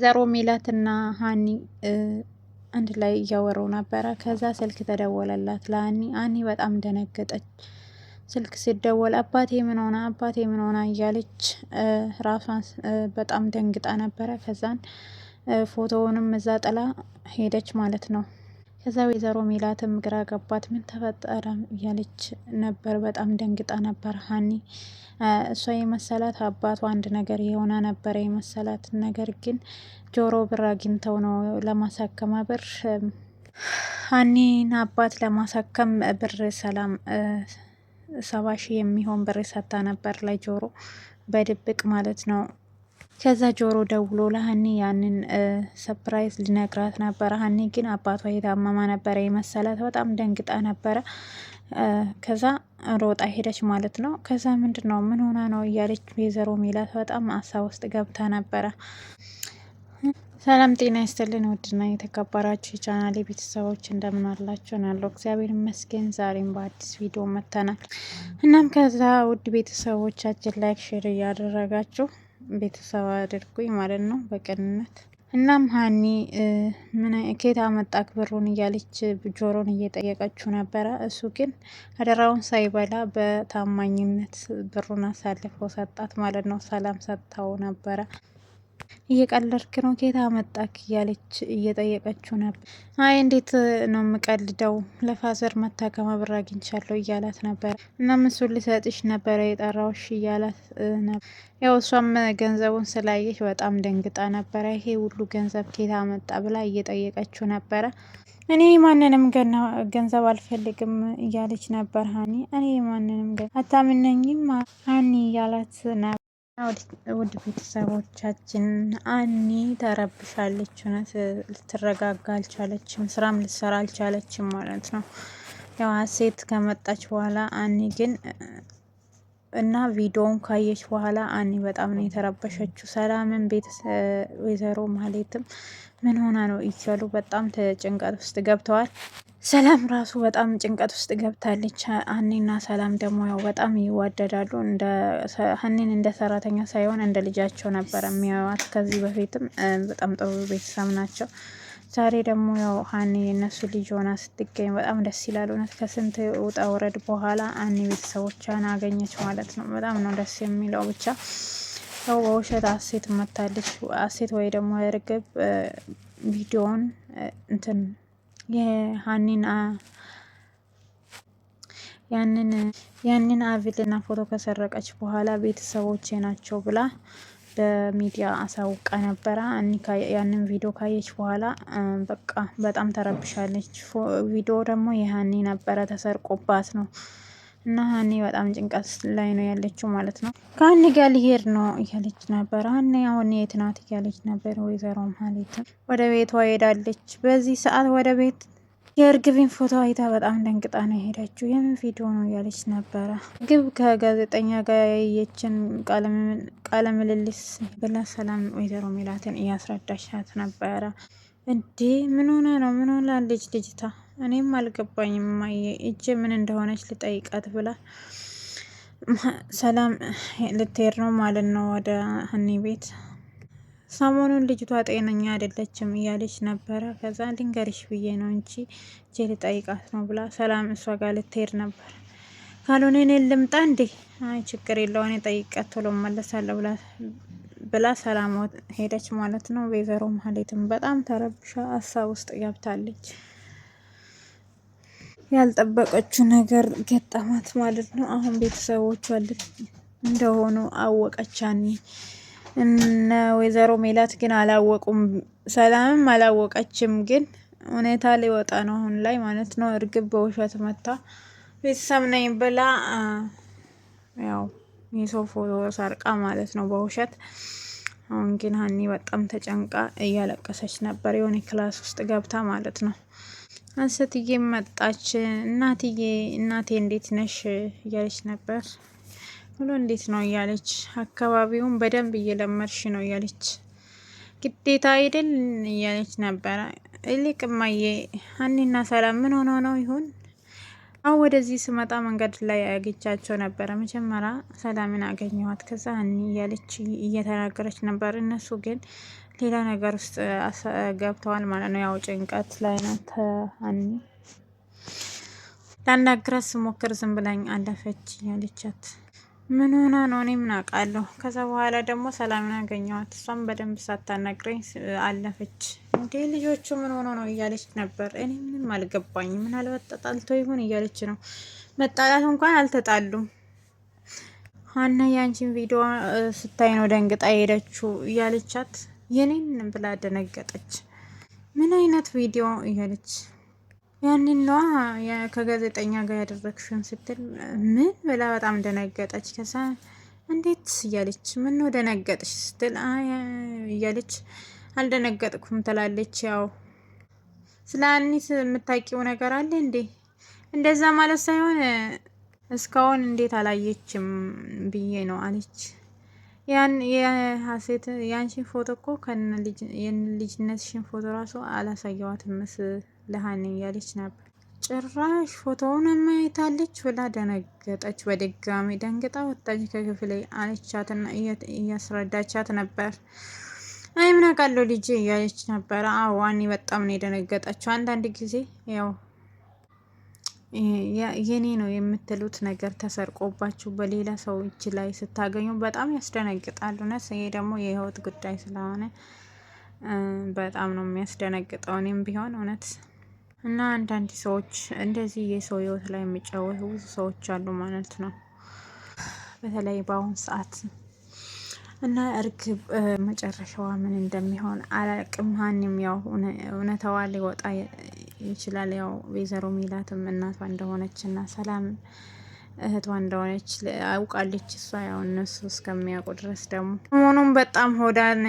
ዘሮ ሚላትና ሀኒ አንድ ላይ እያወሩ ነበረ። ከዛ ስልክ ተደወለላት ለአኒ አኒ በጣም ደነገጠች። ስልክ ሲደወል አባቴ ምን ሆነ አባቴ ምን ሆነ እያለች ራሷን በጣም ደንግጣ ነበረ። ከዛን ፎቶውንም እዛ ጥላ ሄደች ማለት ነው። ከዛ ወይዘሮ ሜላትም ግራ ገባት። ምን ተፈጠረ እያለች ነበር። በጣም ደንግጣ ነበር ሀኒ። እሷ የመሰላት አባቱ አንድ ነገር የሆነ ነበረ የመሰላት ነገር ግን ጆሮ ብር አግኝተው ነው ለማሳከማ ብር ሀኒን አባት ለማሳከም ብር ሰላም ሰባ ሺህ የሚሆን ብር ሰታ ነበር ለጆሮ በድብቅ ማለት ነው። ከዛ ጆሮ ደውሎ ለሀኒ ያንን ሰፕራይዝ ሊነግራት ነበረ። ሀኒ ግን አባቷ የታመማ ነበረ የመሰላት በጣም ደንግጣ ነበረ። ከዛ ሮጣ ሄደች ማለት ነው። ከዛ ምንድን ነው ምን ሆና ነው እያለች ወይዘሮ ሚላት በጣም አሳ ውስጥ ገብታ ነበረ። ሰላም ጤና ይስጥልን ውድና የተከበራችሁ የቻናሌ ቤተሰቦች እንደምን አላችሁ? ናለው እግዚአብሔር ይመስገን። ዛሬም በአዲስ ቪዲዮ መጥተናል። እናም ከዛ ውድ ቤተሰቦቻችን ላይክ ሼር እያደረጋችሁ ቤተሰብ አድርጉኝ ማለት ነው በቅንነት። እናም ሀኒ ምን ኬት አመጣክ ብሩን እያለች ጆሮን እየጠየቀችው ነበረ። እሱ ግን አደራውን ሳይበላ በታማኝነት ብሩን አሳልፎ ሰጣት ማለት ነው። ሰላም ሰጥታው ነበረ። እየቀለድክ ነው ኬታ መጣክ እያለች እየጠየቀችው ነበር። አይ እንዴት ነው የምቀልደው ለፋዘር መታከማ ብር አግኝቻለሁ እያላት ነበር። እና ምሱን ልሰጥሽ ነበረ የጠራውሽ እያላት ነበር። ያው እሷም ገንዘቡን ስላየች በጣም ደንግጣ ነበረ። ይሄ ሁሉ ገንዘብ ኬታ መጣ ብላ እየጠየቀችው ነበረ። እኔ ማንንም ገንዘብ አልፈልግም እያለች ነበር ሀኒ። እኔ ማንንም አታምነኝም ሀኒ እያላት ነበር። ውድ ቤተሰቦቻችን አኒ ተረብሻለች። እውነት ልትረጋጋ አልቻለችም፣ ስራም ልትሰራ አልቻለችም ማለት ነው። ያው ሀሴት ከመጣች በኋላ አኒ ግን እና ቪዲዮውን ካየች በኋላ አኒ በጣም ነው የተረበሸችው። ሰላምን ቤት ወይዘሮ ማህሌትም ምን ሆና ነው ይቻሉ በጣም ጭንቀት ውስጥ ገብተዋል። ሰላም ራሱ በጣም ጭንቀት ውስጥ ገብታለች። ሀኒና ሰላም ደግሞ ያው በጣም ይዋደዳሉ። ሀኒን እንደ ሰራተኛ ሳይሆን እንደ ልጃቸው ነበር የሚያዩዋት። ከዚህ በፊትም በጣም ጥሩ ቤተሰብ ናቸው። ዛሬ ደግሞ ያው ሀኒ የእነሱ ልጅ ሆና ስትገኝ በጣም ደስ ይላል። እውነት ከስንት ውጣ ውረድ በኋላ አኒ ቤተሰቦቿን አገኘች ማለት ነው። በጣም ነው ደስ የሚለው። ብቻ ያው በውሸት አሴት መታለች። አሴት ወይ ደግሞ እርግብ ቪዲዮን እንትን የሀኒን ያንን ያንን አቪልና ፎቶ ከሰረቀች በኋላ ቤተሰቦቼ ናቸው ብላ ለሚዲያ አሳውቃ ነበረ። ያንን ቪዲዮ ካየች በኋላ በቃ በጣም ተረብሻለች። ቪዲዮ ደግሞ የሀኒ ነበረ ተሰርቆባት ነው እና ሀኒ በጣም ጭንቀት ላይ ነው ያለችው ማለት ነው። ከሀኒ ጋር ሊሄድ ነው እያለች ነበረ። ሀኒ አሁን የት ናት እያለች ነበር። ወይዘሮ ማለት ወደ ቤቷ ሄዳለች። በዚህ ሰዓት ወደ ቤት የእርግብን ፎቶ አይታ በጣም ደንግጣ ነው የሄደችው። የምን ቪዲዮ ነው እያለች ነበረ። እርግብ ከጋዜጠኛ ጋር ያየችን ቃለ ምልልስ ብላ ሰላም ወይዘሮ ሜላትን እያስረዳሻት ነበረ። እንዴ ምን ሆነ ነው? ምን ሆና ልጅ ልጅታ? እኔም አልገባኝም ማየ እጅ ምን እንደሆነች ልጠይቃት ብላ ሰላም ልትሄድ ነው ማለት ነው ወደ ሀኒ ቤት ሰሞኑን ልጅቷ ጤነኛ አይደለችም እያለች ነበረ። ከዛ ልንገርሽ ብዬ ነው እንጂ እጄ ልጠይቃት ነው ብላ ሰላም እሷ ጋር ልትሄድ ነበር። ካልሆነ እኔ ልምጣ እንዴ? አይ ችግር የለው እኔ ቶሎ መለሳለሁ ብላ ብላ ሰላም ሄደች ማለት ነው። ወይዘሮ ማህሌትም በጣም ተረብሻ ሀሳብ ውስጥ ገብታለች። ያልጠበቀችው ነገር ገጠማት ማለት ነው። አሁን ቤተሰቦቿ እንደሆኑ አወቀች። እነ ወይዘሮ ሜላት ግን አላወቁም። ሰላምም አላወቀችም። ግን ሁኔታ ሊወጣ ነው አሁን ላይ ማለት ነው። እርግብ በውሸት መታ ቤተሰብ ነኝ ብላ ያው የሰው ፎቶ ሰርቃ ማለት ነው በውሸት። አሁን ግን ሀኒ በጣም ተጨንቃ እያለቀሰች ነበር፣ የሆነ ክላስ ውስጥ ገብታ ማለት ነው። አንስትዬ መጣች። እናትዬ እናቴ እንዴት ነሽ እያለች ነበር። ብሎ እንዴት ነው እያለች አካባቢውን በደንብ እየለመድሽ ነው እያለች ግዴታ አይደል እያለች ነበረ። እልቅ እማዬ ሀኒና ሰላም ምን ሆኖ ነው ይሆን? አሁ ወደዚህ ስመጣ መንገድ ላይ አግኝቻቸው ነበረ። መጀመሪያ ሰላምን አገኘኋት፣ ከዛ ሀኒ እያለች እየተናገረች ነበር። እነሱ ግን ሌላ ነገር ውስጥ ገብተዋል ማለት ነው። ያው ጭንቀት ላይ ናት ሀኒ ላናግራት ስሞክር ዝም ብላኝ አለፈች ያለቻት ምን ሆና ነው? እኔ ምን አውቃለሁ። ከዛ በኋላ ደግሞ ሰላምን አገኘዋት። እሷም በደንብ ሳታናግረኝ አለፈች። እንዴ ልጆቹ ምን ሆኖ ነው እያለች ነበር። እኔ ምንም አልገባኝ። ምናልባት ተጣልቶ ይሁን እያለች ነው። መጣላት እንኳን አልተጣሉም። ሀና ያንቺን ቪዲዮ ስታይ ነው ደንግጣ የሄደችው እያለቻት የኔን ብላ ደነገጠች። ምን አይነት ቪዲዮ እያለች ያንን ነዋ ከጋዜጠኛ ጋር ያደረግሽውን ስትል ምን ብላ በጣም ደነገጠች። ከዛ እንዴት እያለች ምነው ደነገጥሽ ስትል እያለች አልደነገጥኩም ትላለች። ያው ስለ አኒት የምታውቂው ነገር አለ እንዴ? እንደዛ ማለት ሳይሆን እስካሁን እንዴት አላየችም ብዬ ነው አለች። ያን ያንሽን ፎቶ እኮ ከነ ልጅነትሽን ፎቶ ራሱ አላሳየዋትም ለሀኒ እያለች ነበር። ጭራሽ ፎቶውን ማየታለች ብላ ደነገጠች። በድጋሚ ደንግጣ ወጣች ከክፍሌ አለቻትና እያስረዳቻት ነበር። አይ ምን አውቃለሁ ልጄ እያለች ነበረ። አዎ ሀኒ በጣም ነው የደነገጠችው። አንዳንድ ጊዜ ያው የኔ ነው የምትሉት ነገር ተሰርቆባችሁ በሌላ ሰው እጅ ላይ ስታገኙ በጣም ያስደነግጣሉ። ነስ ይሄ ደግሞ የህይወት ጉዳይ ስለሆነ በጣም ነው የሚያስደነግጠው። እኔም ቢሆን እውነት እና አንዳንድ ሰዎች እንደዚህ የሰው ህይወት ላይ የሚጫወቱ ብዙ ሰዎች አሉ ማለት ነው። በተለይ በአሁኑ ሰዓት እና እርግብ መጨረሻዋ ምን እንደሚሆን አላቅም። ሀኒም ያው እውነታዋ ሊወጣ ይችላል። ያው ወይዘሮ ሚላትም እናቷ እንደሆነች እና ሰላም እህቷ እንደሆነች አውቃለች። እሷ ያው እነሱ እስከሚያውቁ ድረስ ደግሞ መሆኑም በጣም ሆዳን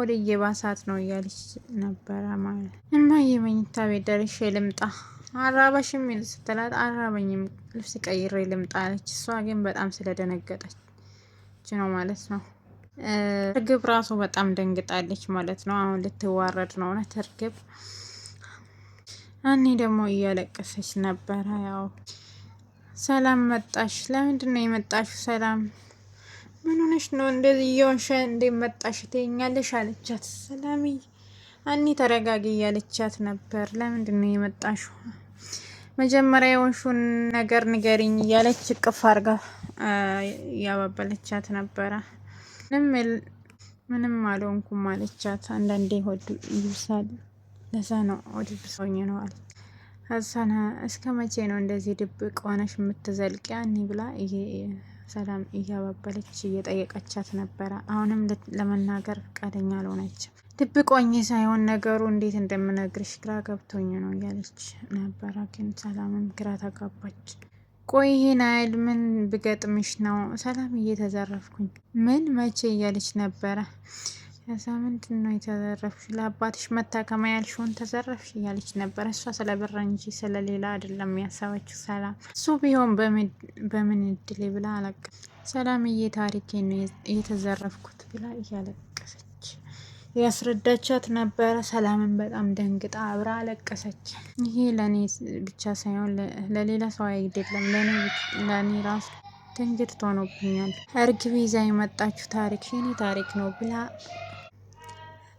ወደ የባሳት ነው እያለች ነበረ ማለት እማዬ የመኝታ ቤት ደርሼ ልምጣ አራባሽ የሚል ስትላት አራበኝም ልብስ ቀይሬ ልምጣ አለች። እሷ ግን በጣም ስለደነገጠች ነው ማለት ነው። እርግብ ራሱ በጣም ደንግጣለች ማለት ነው። አሁን ልትዋረድ ነው እውነት እርግብ። እኔ ደግሞ እያለቀሰች ነበረ። ያው ሰላም መጣሽ፣ ለምንድን ነው የመጣሽው? ሰላም ምን ሆነሽ ነው እንደዚህ እየሆንሽ መጣሽ ትይኛለሽ? አለቻት ሰላምዬ። አኒ ተረጋጊ እያለቻት ነበር። ለምንድን ነው የመጣሽው? መጀመሪያ የሆንሽውን ነገር ንገሪኝ እያለች እቅፍ አርጋ እያባበለቻት ነበረ። ምንም ምንም አልሆንኩም አለቻት። አንዳንዴ ሆድ ይብሳል፣ ለዛ ነው ሆድ ብሶኝ ነው አለች። ሀሳና እስከ መቼ ነው እንደዚህ ድብቅ ሆነሽ የምትዘልቂ? አኒ ብላ ይሄ ሰላም እያባበለች እየጠየቀቻት ነበረ። አሁንም ለመናገር ፈቃደኛ አልሆነችም። ድብቆኝ ሳይሆን ነገሩ እንዴት እንደምነግርሽ ግራ ገብቶኝ ነው እያለች ነበረ። ግን ሰላምም ግራ ተጋባች። ቆይ ይህን አይል ምን ብገጥምሽ ነው ሰላም እየተዘረፍኩኝ ምን መቼ እያለች ነበረ ከዛ ምንድን ነው የተዘረፍሽ? ለአባትሽ መታከማ ያልሽውን ተዘረፍሽ እያለች ነበር። እሷ ስለ ብር እንጂ ስለሌላ አይደለም ያሰበችው። ሰላም እሱ ቢሆን በምን እድሌ ብላ አለቀ። ሰላምዬ ታሪኬ ነው የተዘረፍኩት ብላ እያለቀሰች ያስረዳቻት ነበረ። ሰላምን በጣም ደንግጣ አብራ አለቀሰች። ይሄ ለእኔ ብቻ ሳይሆን ለሌላ ሰው አይደለም ለእኔ ራሱ ትንግርት ሆኖብኛል። እርግብ ይዛ የመጣችሁ ታሪክ የኔ ታሪክ ነው ብላ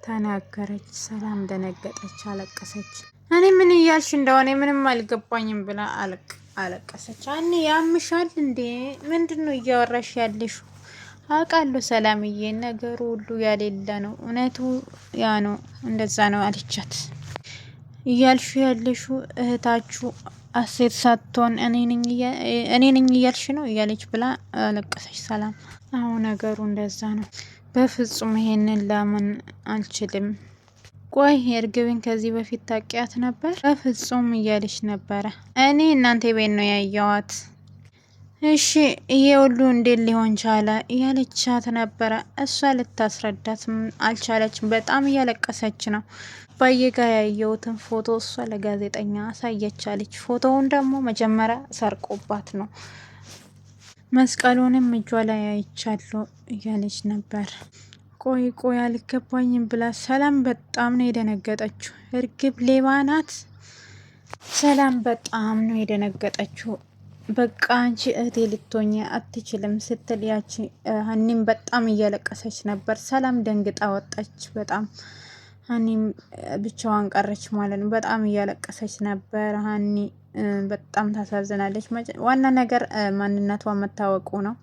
ተናገረች። ሰላም ደነገጠች፣ አለቀሰች። እኔ ምን እያልሽ እንደሆነ ምንም አልገባኝም ብላ አለቀሰች። አኔ ያምሻል እንዴ? ምንድን ነው እያወራሽ ያለሽ? አውቃለሁ ሰላምዬ፣ ነገሩ ሁሉ ያሌለ ነው። እውነቱ ያ ነው፣ እንደዛ ነው አለቻት። እያልሽ ያለሽ እህታችሁ አሴት ሳትሆን እኔ ነኝ እያልሽ ነው እያለች ብላ አለቀሰች። ሰላም አሁ ነገሩ እንደዛ ነው በፍጹም ይሄንን ላምን አልችልም። ቆይ እርግብን ከዚህ በፊት ታውቂያት ነበር? በፍጹም እያለች ነበረ። እኔ እናንተ ቤት ነው ያየዋት። እሺ ይሄ ሁሉ እንዴት ሊሆን ቻለ? እያለቻት ነበረ። እሷ ልታስረዳት አልቻለችም። በጣም እያለቀሰች ነው። ባየጋ ያየሁትን ፎቶ እሷ ለጋዜጠኛ አሳየቻለች። ፎቶውን ደግሞ መጀመሪያ ሰርቆባት ነው መስቀሉንም እጇ ላይ አይቻለሁ እያለች ነበር። ቆይ ቆይ አልገባኝም ብላ ሰላም በጣም ነው የደነገጠችው። እርግብ ሌባ ናት። ሰላም በጣም ነው የደነገጠችው። በቃ አንቺ እህቴ ልትሆኝ አትችልም ስትል ያቺ ሀኒም በጣም እያለቀሰች ነበር። ሰላም ደንግጣ ወጣች። በጣም ሀኒም ብቻዋን ቀረች ማለት ነው። በጣም እያለቀሰች ነበር ሀኒ በጣም ታሳዝናለች። ዋና ነገር ማንነቷ መታወቁ ነው።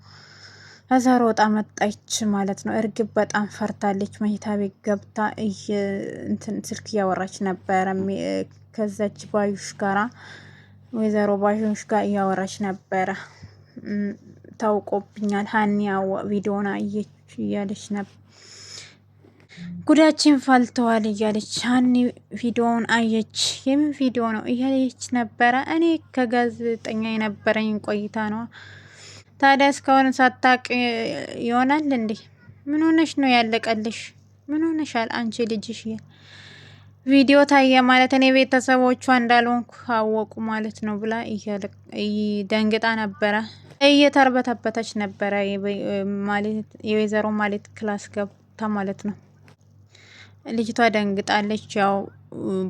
ከዛ ሮጣ መጣች ማለት ነው። እርግብ በጣም ፈርታለች። መኝታ ቤት ገብታ ስልክ እያወራች ነበረ ከዛች ባዩሽ ጋራ ወይዘሮ ባዩሽ ጋር እያወራች ነበረ። ታውቆብኛል ሀኒ ቪዲዮን አየች እያለች ነበር ጉዳችን ፈልተዋል እያለች ሀኒ ቪዲዮውን አየች። የምን ቪዲዮ ነው እያለች ነበረ። እኔ ከጋዜጠኛ የነበረኝ ቆይታ ነው። ታዲያ እስካሁን ሳታቅ ይሆናል እንዴ? ምን ሆነሽ ነው ያለቀልሽ? ምን ሆነሻል አንቺ ልጅሽ? ቪዲዮ ታየ ማለት እኔ ቤተሰቦቿ እንዳልሆንኩ አወቁ ማለት ነው ብላ ደንግጣ ነበረ። እየተርበተበተች ነበረ። የወይዘሮ ማለት ክላስ ገብታ ማለት ነው። ልጅቷ ደንግጣለች። ያው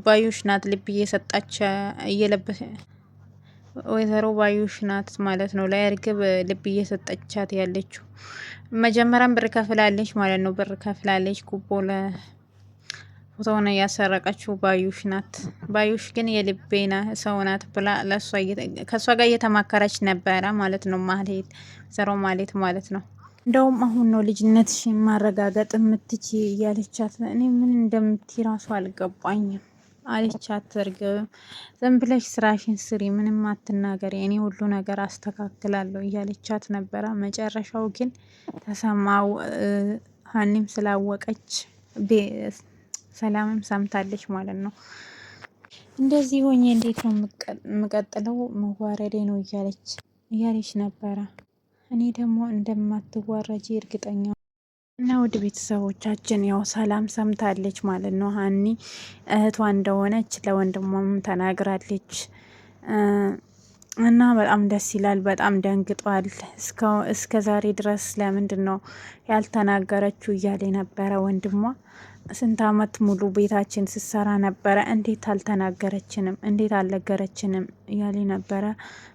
ባዩሽ ናት ልብ እየሰጣች እየለበሰ ወይዘሮ ባዩሽ ናት ማለት ነው። ላይ እርግብ ልብ እየሰጠቻት ያለችው መጀመሪያም ብር ከፍላለች ማለት ነው። ብር ከፍላለች ጉቦ ለፎቶውን እያሰረቀችው ባዩሽ ናት። ባዩሽ ግን የልቤና ሰው ናት ብላ ከእሷ ጋር እየተማከረች ነበረ ማለት ነው። ማሌት ወይዘሮ ማሌት ማለት ነው። እንደውም አሁን ነው ልጅነትሽን ማረጋገጥ የምትች እያለቻት፣ እኔ ምን እንደምት ራሱ አልገባኝም አለቻት። እርግብም ዝም ብለሽ ስራሽን ስሪ፣ ምንም አትናገሪ፣ እኔ ሁሉ ነገር አስተካክላለሁ እያለቻት ነበረ። መጨረሻው ግን ተሰማው። ሀኒም ስላወቀች ሰላምም ሰምታለች ማለት ነው። እንደዚህ ሆኜ እንዴት ነው የምቀጥለው? መዋረዴ ነው እያለች እያለች ነበረ። እኔ ደግሞ እንደማትዋረጂ እርግጠኛ እና ውድ ቤተሰቦቻችን ያው ሰላም ሰምታለች ማለት ነው። ሀኒ እህቷ እንደሆነች ለወንድሟም ተናግራለች እና በጣም ደስ ይላል። በጣም ደንግጧል። እስከ ዛሬ ድረስ ለምንድን ነው ያልተናገረችው እያለ ነበረ ወንድሟ ስንት አመት ሙሉ ቤታችን ስሰራ ነበረ። እንዴት አልተናገረችንም? እንዴት አልነገረችንም? እያሉ ነበረ።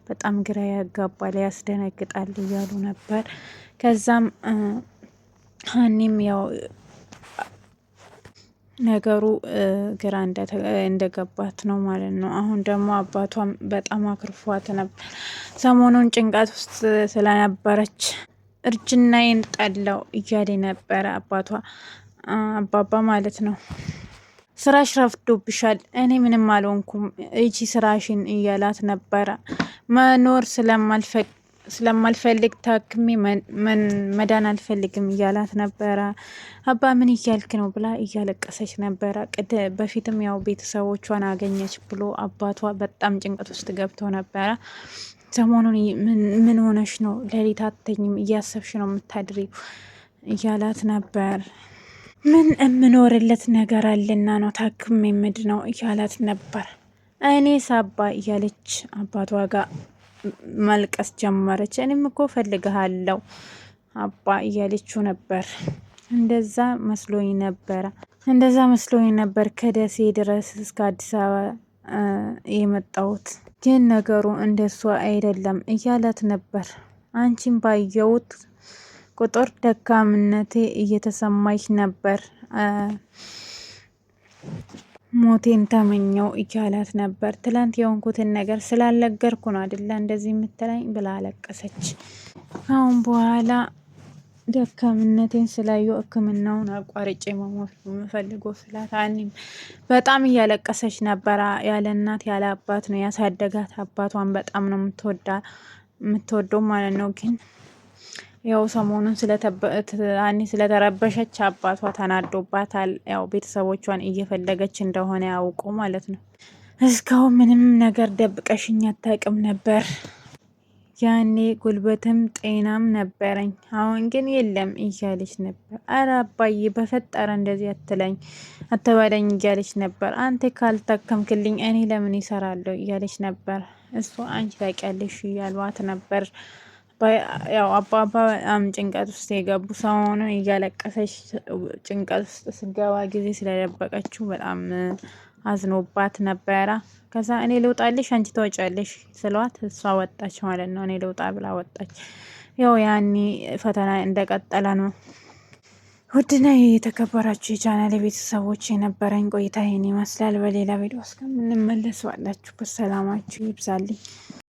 በጣም ግራ ያጋባል፣ ያስደነግጣል እያሉ ነበር። ከዛም ሀኒም ያው ነገሩ ግራ እንደገባት ነው ማለት ነው። አሁን ደግሞ አባቷም በጣም አክርፏት ነበር። ሰሞኑን ጭንቀት ውስጥ ስለነበረች እርጅናዬን ጠላው እያሌ ነበረ አባቷ አባባ ማለት ነው። ስራሽ ረፍዶብሻል፣ እኔ ምንም አልሆንኩም እቺ ስራሽን እያላት ነበረ። መኖር ስለማልፈልግ ታክሜ መዳን አልፈልግም እያላት ነበረ። አባ ምን እያልክ ነው ብላ እያለቀሰች ነበረ። በፊትም ያው ቤተሰቦቿን አገኘች ብሎ አባቷ በጣም ጭንቀት ውስጥ ገብቶ ነበረ። ሰሞኑን ምን ሆነሽ ነው? ሌሊት አትተኝም፣ እያሰብሽ ነው የምታድሪው እያላት ነበር። ምን የምኖርለት ነገር አለና ነው ታክም የምድ ነው እያላት ነበር። እኔ ሳባ እያለች አባቷ ጋር መልቀስ ጀመረች። እኔም እኮ ፈልግሃለው አባ እያለችው ነበር። እንደዛ መስሎኝ ነበረ እንደዛ መስሎኝ ነበር ከደሴ ድረስ እስከ አዲስ አበባ የመጣሁት ግን ነገሩ እንደሷ አይደለም እያላት ነበር። አንቺን ባየሁት ቁጥር ደካምነቴ እየተሰማኝ ነበር። ሞቴን ተመኘው እያላት ነበር። ትላንት የሆንኩትን ነገር ስላልነገርኩ ነው አይደለ እንደዚህ የምትለኝ ብላ አለቀሰች። ካሁን በኋላ ደካምነቴን ስላዩ ሕክምናውን አቋርጬ መሞት የምፈልገው ስላት አኒም በጣም እያለቀሰች ነበረ። ያለ እናት ያለ አባት ነው ያሳደጋት። አባቷን በጣም ነው የምትወዳ የምትወደው ማለት ነው ግን ያው ሰሞኑን አኒ ስለተረበሸች አባቷ ተናዶባታል። ያው ቤተሰቦቿን እየፈለገች እንደሆነ ያውቁ ማለት ነው። እስካሁን ምንም ነገር ደብቀሽኝ አታውቅም ነበር። ያኔ ጉልበትም ጤናም ነበረኝ፣ አሁን ግን የለም እያለች ነበር። አረ አባዬ በፈጠረ እንደዚህ አትለኝ አተባለኝ እያለች ነበር። አንተ ካልታከምክልኝ እኔ ለምን ይሰራለሁ እያለች ነበር። እሱ አንቺ ታውቂያለሽ እያሏት ነበር። ያው አባባ በጣም ጭንቀት ውስጥ የገቡ ሰው እያለቀሰች ጭንቀት ውስጥ ስገባ ጊዜ ስለደበቀችው በጣም አዝኖባት ነበረ። ከዛ እኔ ልውጣልሽ አንቺ ተወጫለሽ ስለዋት እሷ ወጣች ማለት ነው። እኔ ልውጣ ብላ ወጣች። ያው ያኔ ፈተና እንደቀጠለ ነው። ውድና የተከበራችሁ የቻናል ቤተሰቦች የነበረኝ ቆይታ ይህን ይመስላል። በሌላ ቪዲዮ እስከምንመለስ ባላችሁበት ሰላማችሁ ይብዛልኝ።